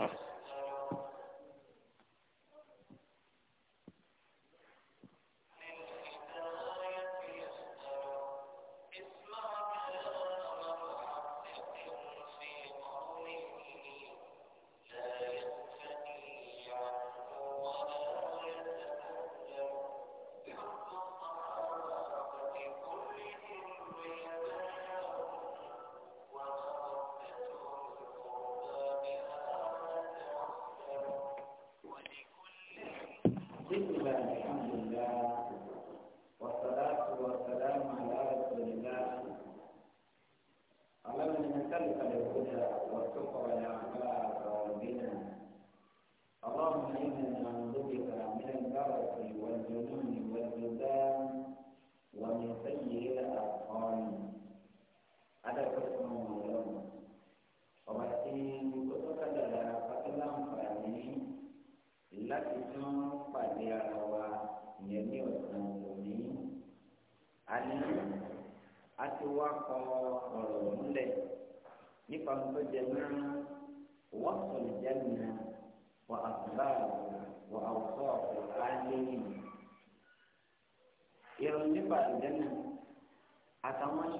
ಹಾಂ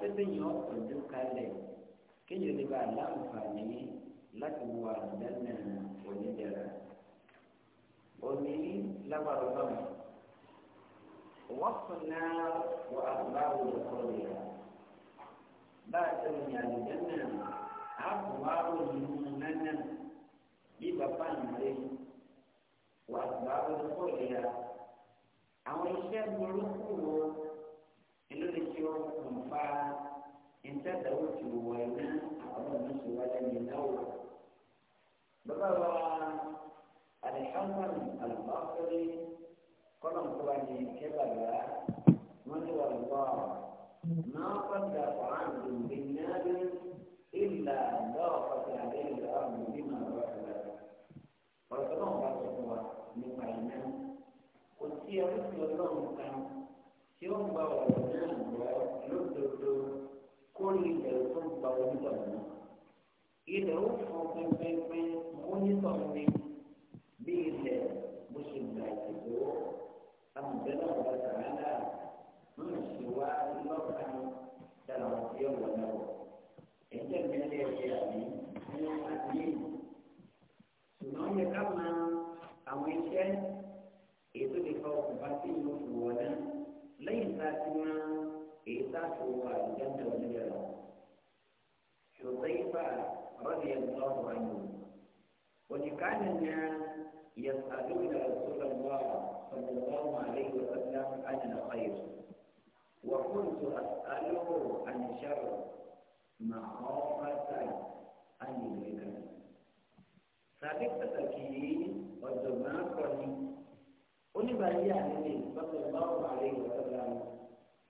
afẹ́fẹ́ yẹn ọ̀pọ̀jù kalẹ̀ kéèyàn lè ba aláǹfààní láti wo àdánà onídẹ̀ra òní lágbára báwọn wọ́n fún náà wọ àbáwò lọ́kọ́ rẹ̀ bá a ti rìn àdánà nínú nánà bí bàbá àmàlẹ́ wọ àbáwò lọ́kọ́ rẹ̀ àwọn iṣẹ́ burúkú. nta dawo ti wọ iná àwọn ọmọ sọ wá lẹni náwó bàbá wa alihamman alifakiri kọlọ nǹkan wa ni kẹbàlá wọn ni wà lọ máa kọjá fàán lòdì náà ìlà lọ́ọ̀kọ̀tà àdéhùn àwọn òbí máa lọ sílẹ̀ náà wà sọ fún nípa iná kò sí ẹrú sí ọlọ́run kan tí ó ń gba ọ̀rọ̀ lórí ilẹ̀ tó gba onítọ̀ náà ilẹ̀ ó fún pẹpẹpẹ onítọ̀ ní bí ilẹ̀ bó ṣe gbà ìdìbò amúgbẹ́lá ọ̀gá sàrádà ń ṣe wá lọ́kàn dára wọn sí ọ̀gbọ̀n náà ẹ̀jẹ̀ mi lé ẹ̀jẹ̀ àmì ní àdé ṣùgbọ́n yẹ ká máa àwọn iṣẹ́ ètò ìfọwọ́kùnfà sí ìlú ìwọ̀dá lẹ́yìn tá a ti máa. إيثاق والجنة والنجاة حذيفة رضي الله عنه وكان الناس يسألون رسول الله صلى الله عليه وسلم عن الخير وكنت أسأله عن الشر مخافة أن يدركني ثابت تكيين والدماغ قليل قل بأي أهل صلى الله عليه وسلم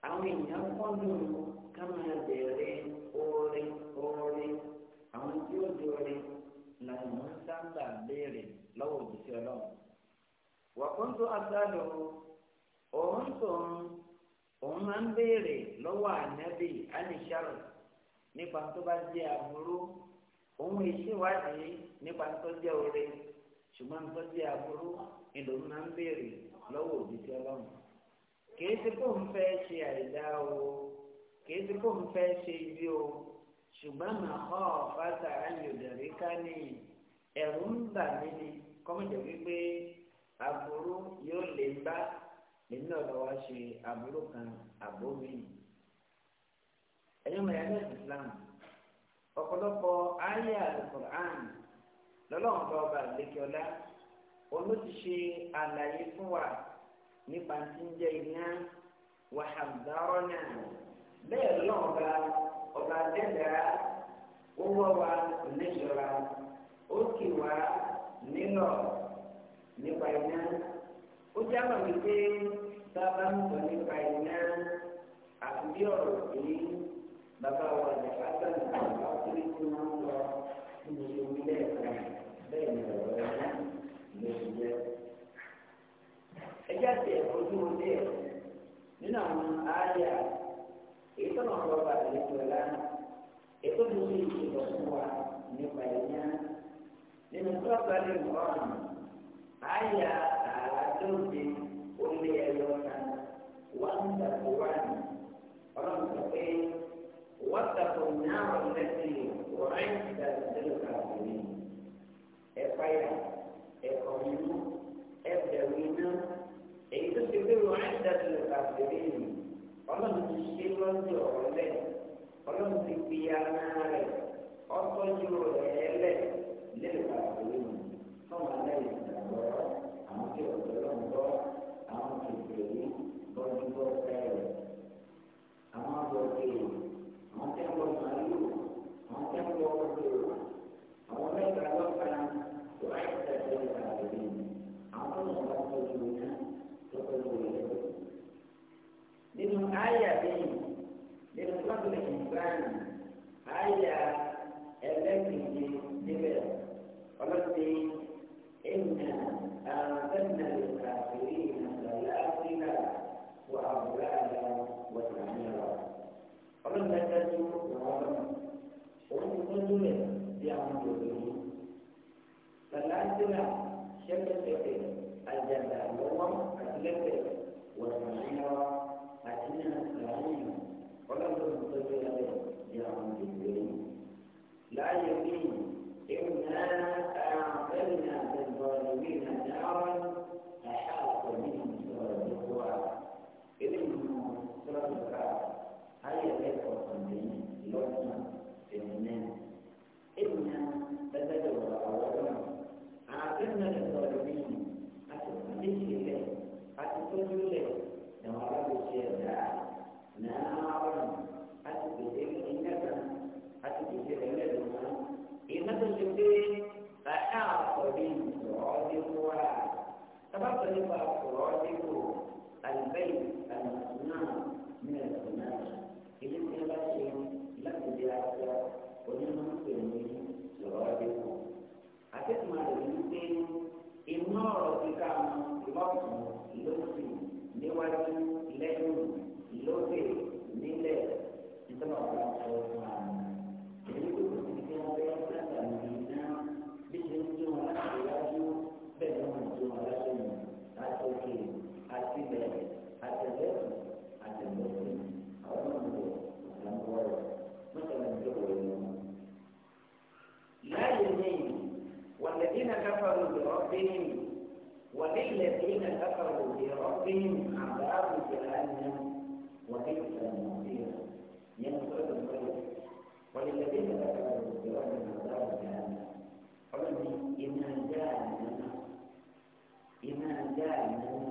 àwọn èèyàn kọ́ndùn ká máa bẹ̀rẹ̀ orin orin àwọn tí ó di orin làwọn sábà béèrè lọ́wọ́ òjíṣẹ́ ọlọ́run. wàkúntù asálò òun tòun òun máa ń béèrè lọ́wọ́ ànábì ánìṣàrò nípa tó bá jẹ́ àbúrú òun ìṣèwádìí nípa tó jẹ́ orin ṣùgbọ́n tó jẹ́ àbúrú ìdòun máa ń béèrè lọ́wọ́ òjíṣẹ́ ọlọ́run kìí ti kó ń fẹ́ ṣe àìdá o kìí ti kó ń fẹ́ ṣe ibi o ṣùgbọ́n màá kọ́ ọ̀fáàtà ayọ̀dẹ̀rí ká ní ẹ̀rù ń bà mí ni kọ́mọ̀jẹ̀ wípé aburú yóò lè bá lèmi náà lọ́wọ́ ṣe aburú kan àbó mi. ẹ̀yin mọ̀yá Islam ọ̀pọ̀lọpọ̀ ayé alukur'an lọ́lọ́run bá ọba àlékè ọlá àlàyé fún wa nípa tí ń jẹ iná wàhálàbárọ́ náà bẹ́ẹ̀ lọ́wọ́ ọba ọba dẹ́gbẹ̀rẹ́ ó wọ́ wa níṣọ́ra ó kì wá nílọ̀ nípa iná ó jẹ́ àwọn wípé sábà ń sọ nípa iná àti bí ọ̀rọ̀ èyí bàbá wa nípa sọ̀rọ̀ nípa kiri tí wọ́n ń lọ nínú ilé ẹ̀ka bẹ́ẹ̀ ni ọ̀rọ̀ ẹ̀ka ló ń jẹ́ ẹjẹ́ àti ẹ̀fọ́jú ojú ẹ̀ nínú àwọn ààyè èyí tó náà lọ́ọ́ bá àlejò ẹ̀ lánàá ètò tó ní ìṣèlú fún wa nípa ẹ̀yà nínú sọ́ọ̀tà lè mọ̀ ọ́n ààyè àádọ́ọ̀dẹ orí ẹ̀yọ kan wọ́n ń dàgbò wá ní ọlọ́run sọ pé wọ́n dàgbò náà lẹ́sìn ọ̀rẹ́ ìdàgbàsílẹ̀ kàwé ẹ̀fáyà ẹ̀kọ́ nínú ẹ̀bẹ̀rù náà èyí tó ti gbé wọn ẹ̀dájú ìgbàgbére yìí ọlọ́run ti ṣe lọ́jọ́ ọ̀lẹ́ ọlọ́run ti fi ara rẹ̀ ọtọ́jú rẹ̀ ẹlẹ́ lẹ́gbàgbére yìí fún aláìsí ìgbàgbọ́ àwọn tí ọ̀dọ́ lọ́n gbọ́ àwọn kìkìrì yìí bọ́jú bọ́ ẹ̀rẹ̀ àwọn àgbọ̀dé àwọn tí wọ́n màálù àwọn tí wọ́n gbé àwọn mẹ́ta lọ́kàn tó ẹ̀dájú ìgbàgbére ni. àwọn tó ń nínú àyà bẹ́ẹ̀ nínú sọ́dún ìgbàanì àyà ẹlẹ́gbẹ̀ẹ́ níbẹ̀ ọlọ́sẹ̀ ẹ̀yìn àbẹ́nà àfẹ́rí ìrìnàlá áfíríkà wà àbúrò àlà wọ̀tàmíra ọlọ́sẹ̀ ẹ̀dájú wọn òun ti tọ́jú rẹ̀ sí àwọn òṣèlú lọ́lá áfíríkà ṣẹ́kẹ́ṣẹkẹ̀ àjàdà lọ́wọ́ lẹ́sẹ̀ wọ̀n àti ní àtìláyìn ọlọ́run tó tọ́jú ẹ̀rọ ìyá àwọn ìgbèrè láàyè bíi èèyàn náà. kíkà lọ́kùn lósì níwájú lẹ́yìn lókè nílẹ̀ ìtọ́nà ọ̀gá ọ̀gá èyí tó kù sí kí wọ́n fẹ́. ربهم عذاب جهنم وبئس المصير ينصر الخير وللذين ذكروا بربهم عذاب جهنم قلنا إما جهنم إما جهنم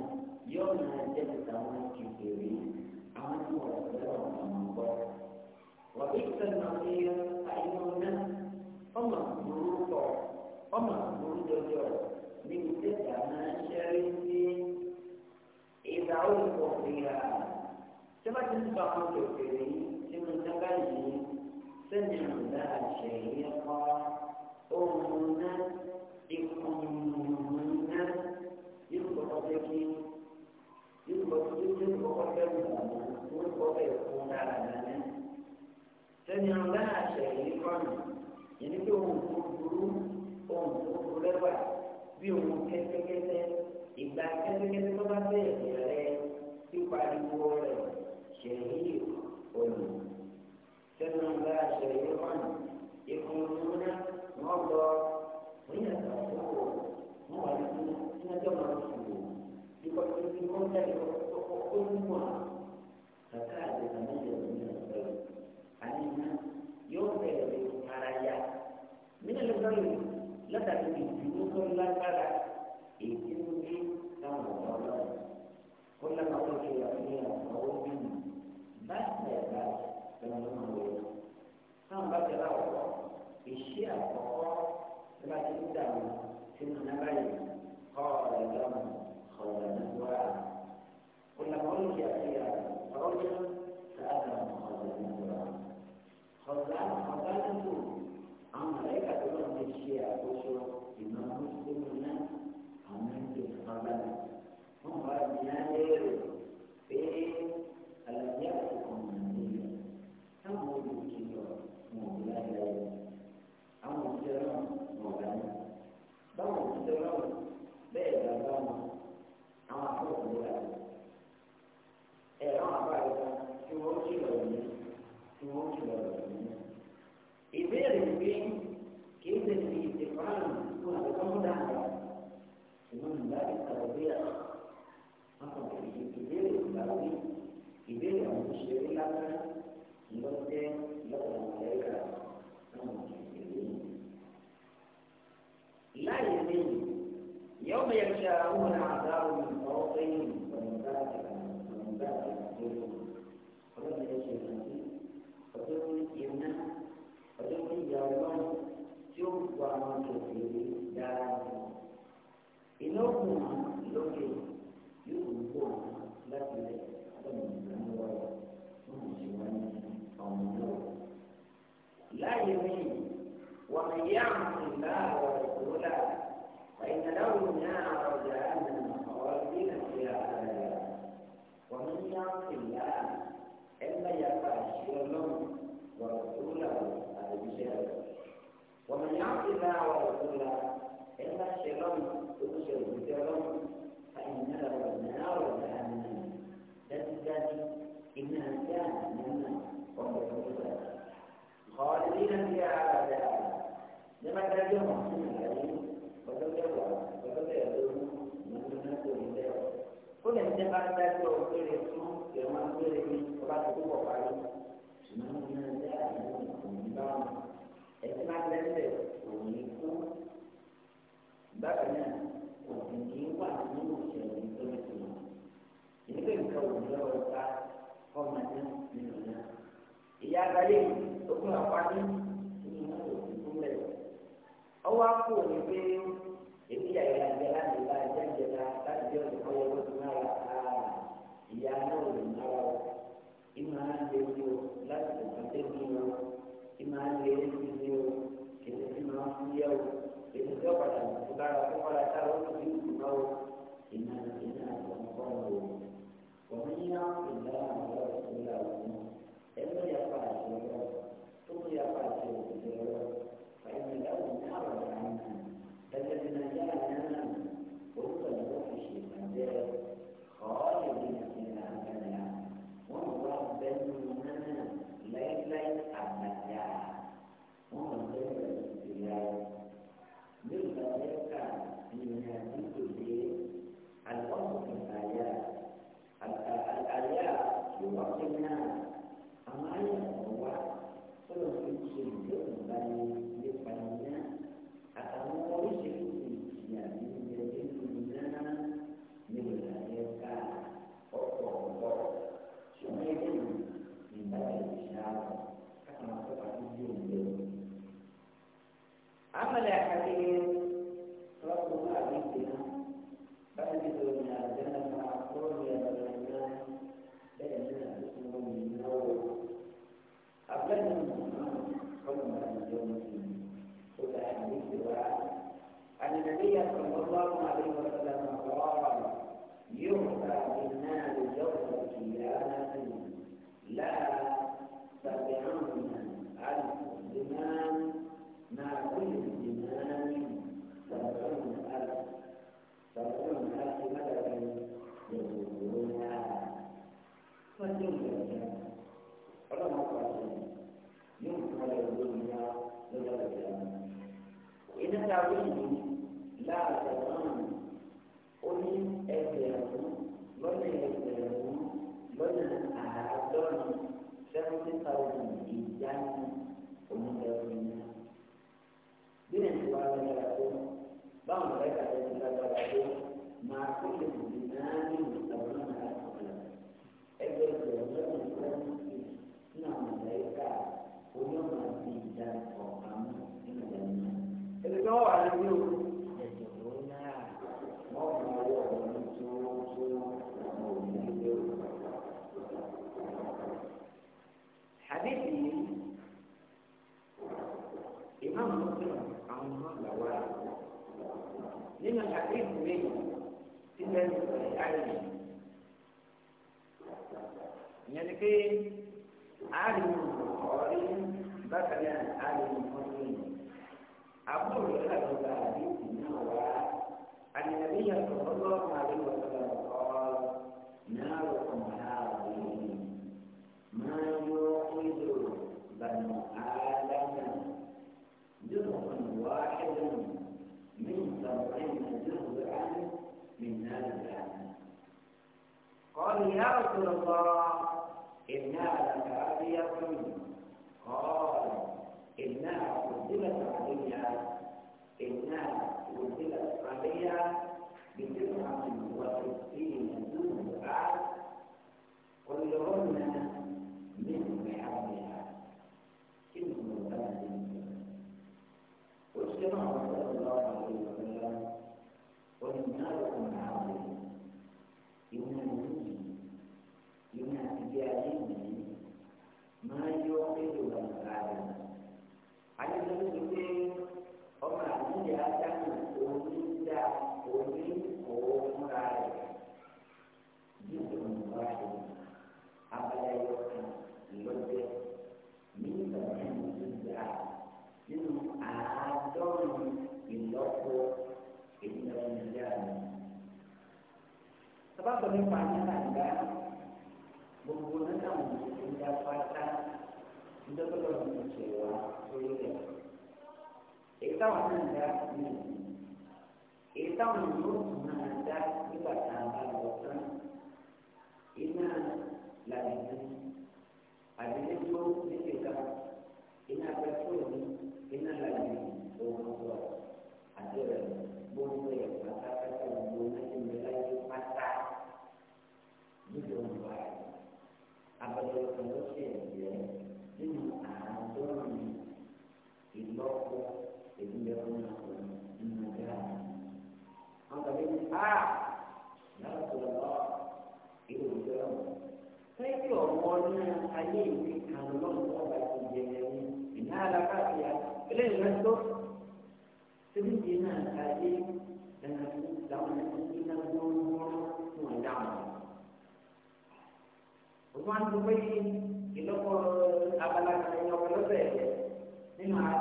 يوم جلس كثيرين عملوا وسلوا من وبئس المصير أيضا فما ظروفه فما tí ti ń sọ àwọn òkè sínú dábà yìí sẹ́ni àmúdá àṣẹyìn ẹ̀kọ́ ohun náà ìkùnmùnú náà yóò kọ́kọ́ fẹ́ kí yóò kọ́kọ́ fẹ́ mọ̀ọ́mọ́ yóò kọ́kọ́ fẹ́ kún dára náà sẹ́ni àmúdá àṣẹyìn ẹ̀kọ́ nù yẹn ní ohun tó burú ohun tó burú lẹ́wà bí ohun kẹ́tẹ́kẹ́tẹ́ ìgbà kẹ́tẹ́kẹ́tẹ́ tó bá bẹ̀rẹ̀ rẹ̀ pípariwo rẹ̀. شريك كما لا شريكا يكونون مرضى ويتفقون هو نجمع يقدمون حكمها فكاد يتميز من الغير علينا يوصل بالمرايا من الغير لا تكن يوصل لك bá ti ń dà wọ́n sínú nábà yìí kọ́ ọ̀rẹ́ lọ́mù ọ̀rẹ́ nígbà olùkọ́lùkì àti ọ̀rọ̀jọ́ sáàdà ọ̀rẹ́ nígbà ọ̀gá ọ̀gá nígbò àwọn mọ̀lẹ́kà tó lọ́n ti ṣe àkóso ìmọ̀ mùsùlùmí náà àwọn ẹgbẹ́ ọ̀gá wọn wá ní alẹ́ rẹ̀ pé àdéhùn méjì tí lẹ́nu rẹ̀ àìrí. ìyẹn ni pé àárín ọ̀rí bákan náà àárín ọ̀rí àbúrò rẹ̀ láti gba àdéhùn náà wá. àdìyàbí yàtọ̀ قالوا يا رسول الله إنها لكاذبة قال إنها táwọn náà dá sí i èyí táwọn yòókù investor kemungkinan tadi dengan zaman kemungkinan nomor mengandang. Bukan supaya kita kalau abalan yang lebih, ini mah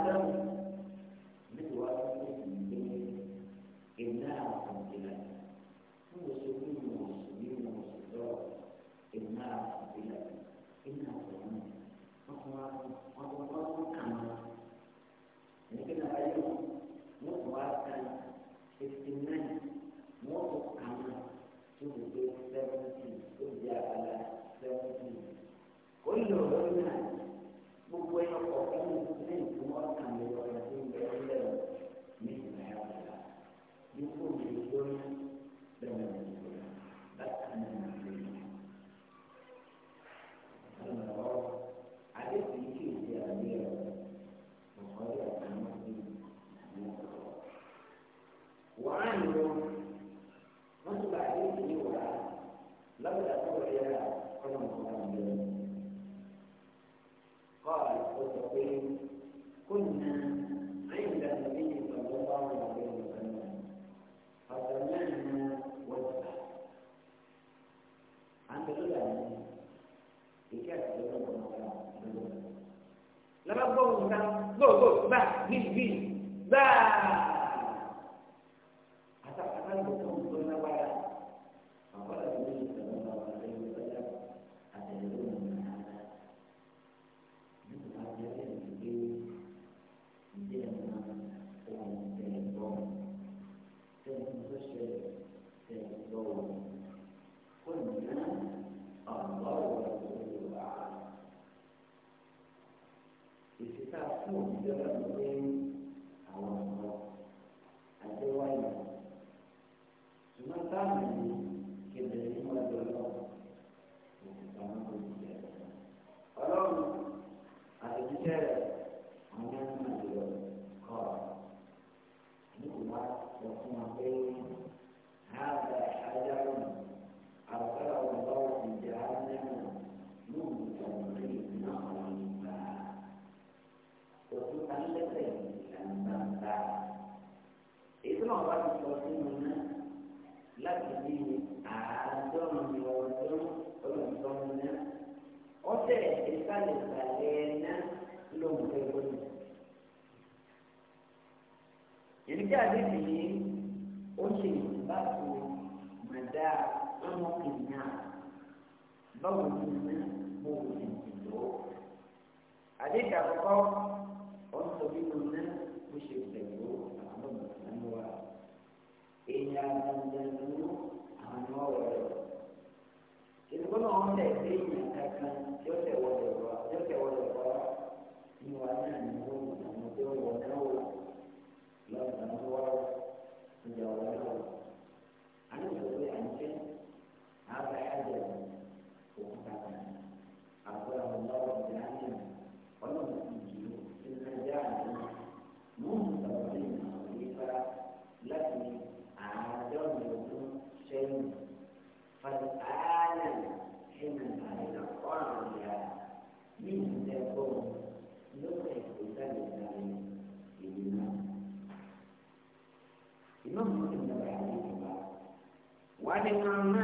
ọlọ́run tẹ̀ sí ìyẹn kankan yóò tẹ̀ wọlé wá yóò tẹ̀ wọlé wá ìwà náà. بما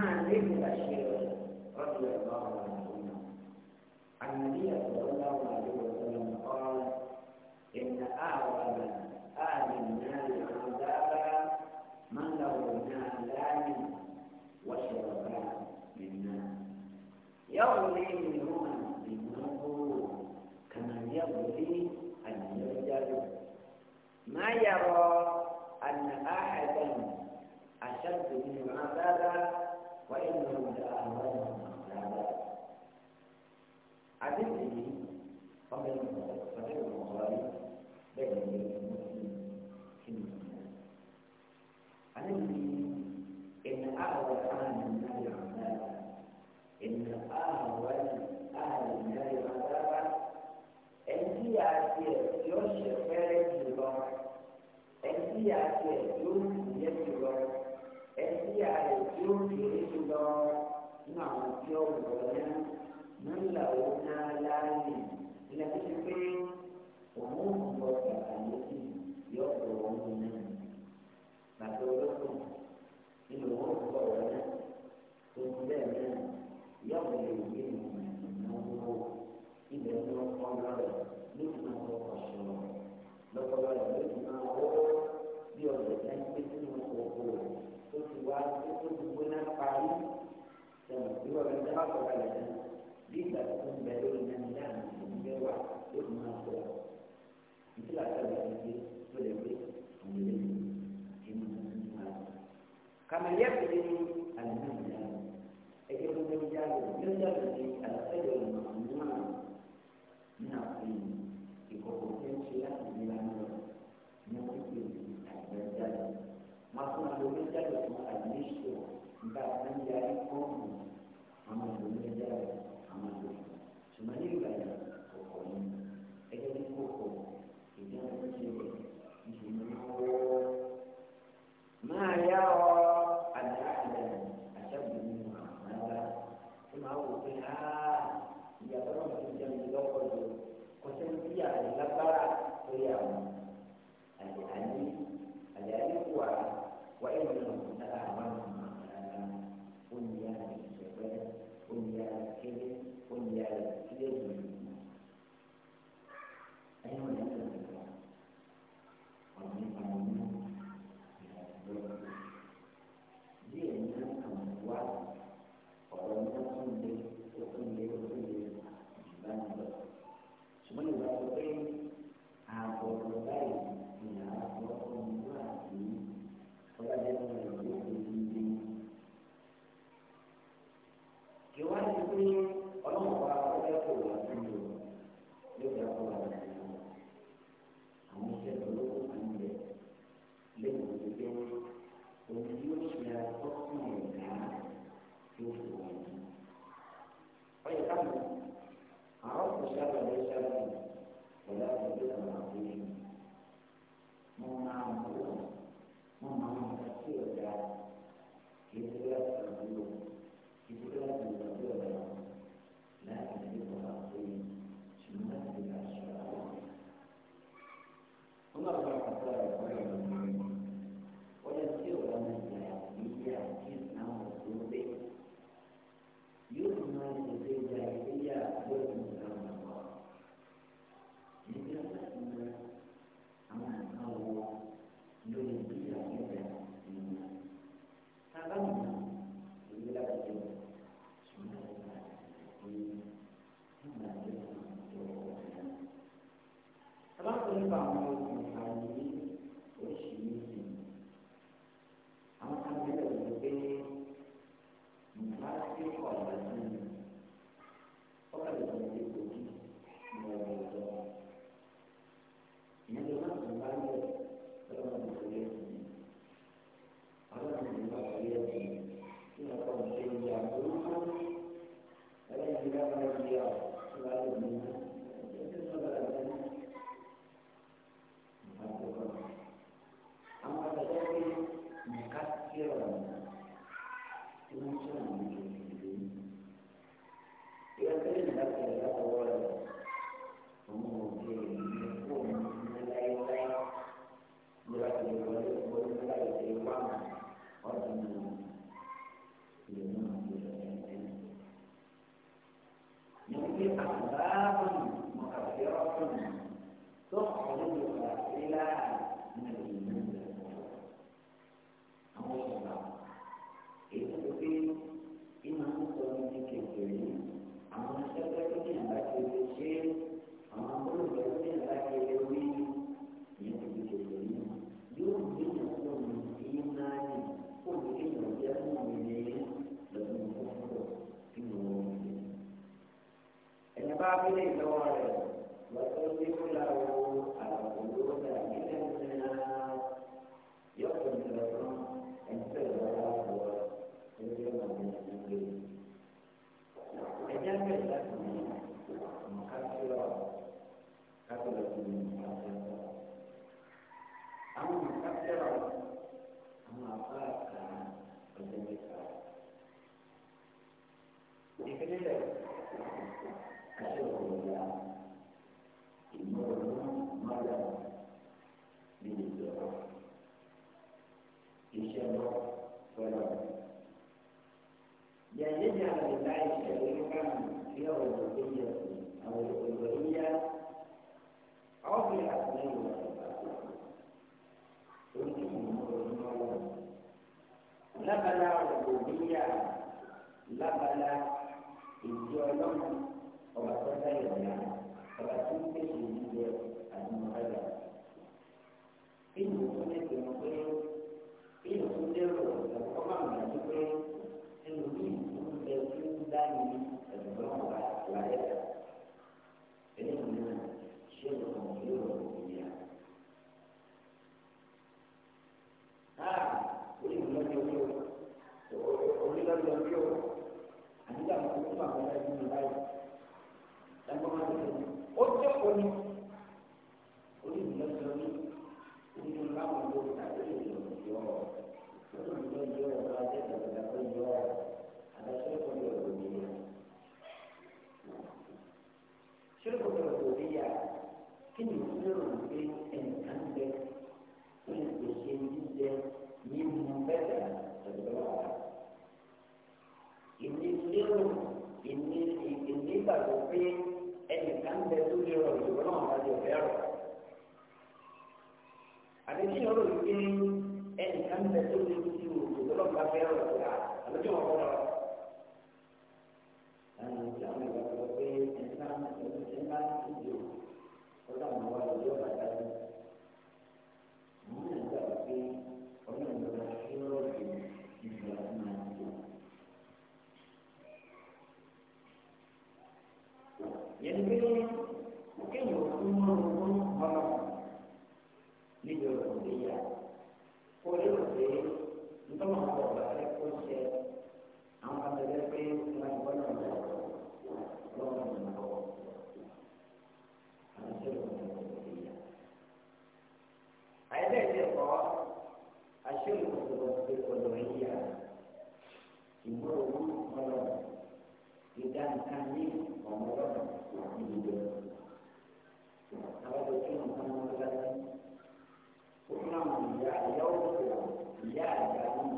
lérò ẹ̀kọ́ máa ń gbà tó pé ẹnu bí ìlú ń bẹ tí ń láyé. jíjẹ. Àbájọ tí wọn kàn wọn lọ́dá sí. Ó àwọn ìyá ìyá òkú ìyá àgbà náà.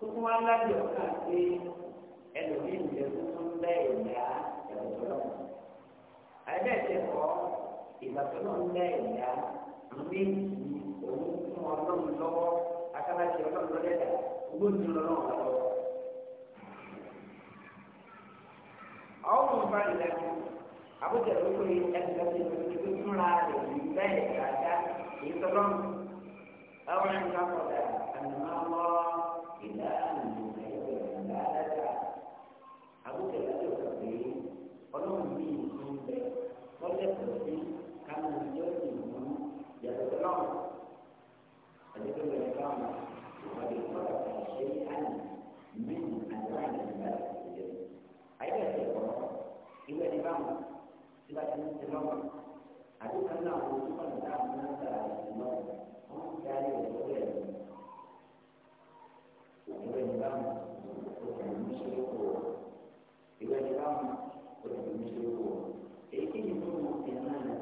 tuntun wa lajẹ ọkà pé ẹlòmíì ń jẹ tuntun bẹ́ẹ̀ yá ẹ̀rọ lọ. àìbẹ́ẹ̀ tẹ kọ́ ìbátan náà ń bẹ́ẹ̀ yá méjì òun fún ọlọ́run lọ́wọ́ akábàṣe ọlọ́run lọ́dẹ̀dà gbóni ọlọ́run wà lọ́wọ́. ọ̀hún ń bá ilẹ̀ mú àbújá lóko yìí ẹni tó ti tuntun tó túnra rẹ̀ yìí bẹ́ẹ̀ yàrá èyí tọ́lọ́mù. أولا نقض أن الله إلا أن يكون ذلك أبو كلاب الكبير ولم يكن به ولكن كان يجب يتكلم فذكر الإقامة وقد اقترب شيئا من أنواع المبادئ أيضا يقول إذا الإمام سبعة من الإمام أبو كلاب الكبير كان يجب أن يكون ذلك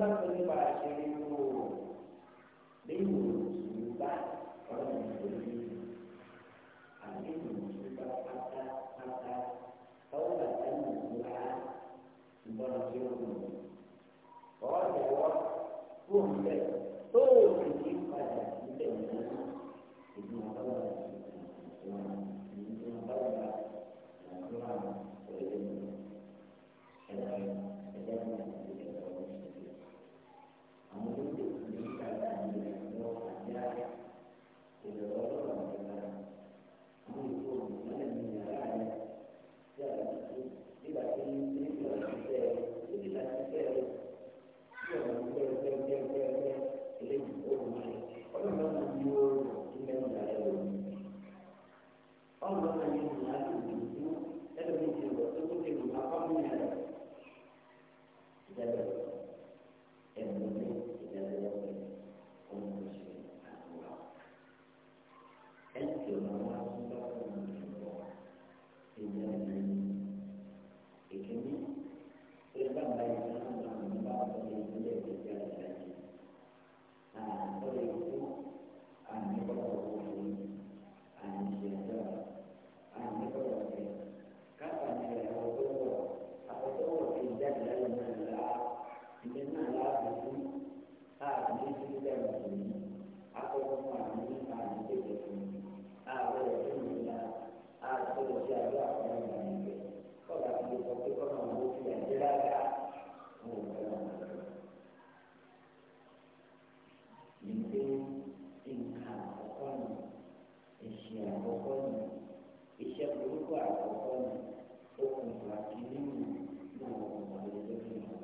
sábà tó nípa àṣírí kúrò lẹ́yìn òṣèlú bá ọ̀rọ̀ ìṣòro àdéhùn òṣèlú bá pátápátá ọwọ́ àtàlù ìwà ìbọn ọjọ́ òun. ọ̀ọ́dẹ̀wọ́ fún bẹ́ẹ̀ tó o gbọdọ̀ ṣe àdó àwọn ọmọ yìí rẹ̀ kọ́lá ti lè sọ pé kọ́nà owó fi àjẹrà dá ní òun náà. Ìgbé nǹkan àkọ́kọ́ nù, ẹ̀sìn àkọ́kọ́ nù, iṣẹ́ burúkú àkọ́kọ́ nù, okùnfà kìíní nù ní àwọn ọmọ yìí lókè náà.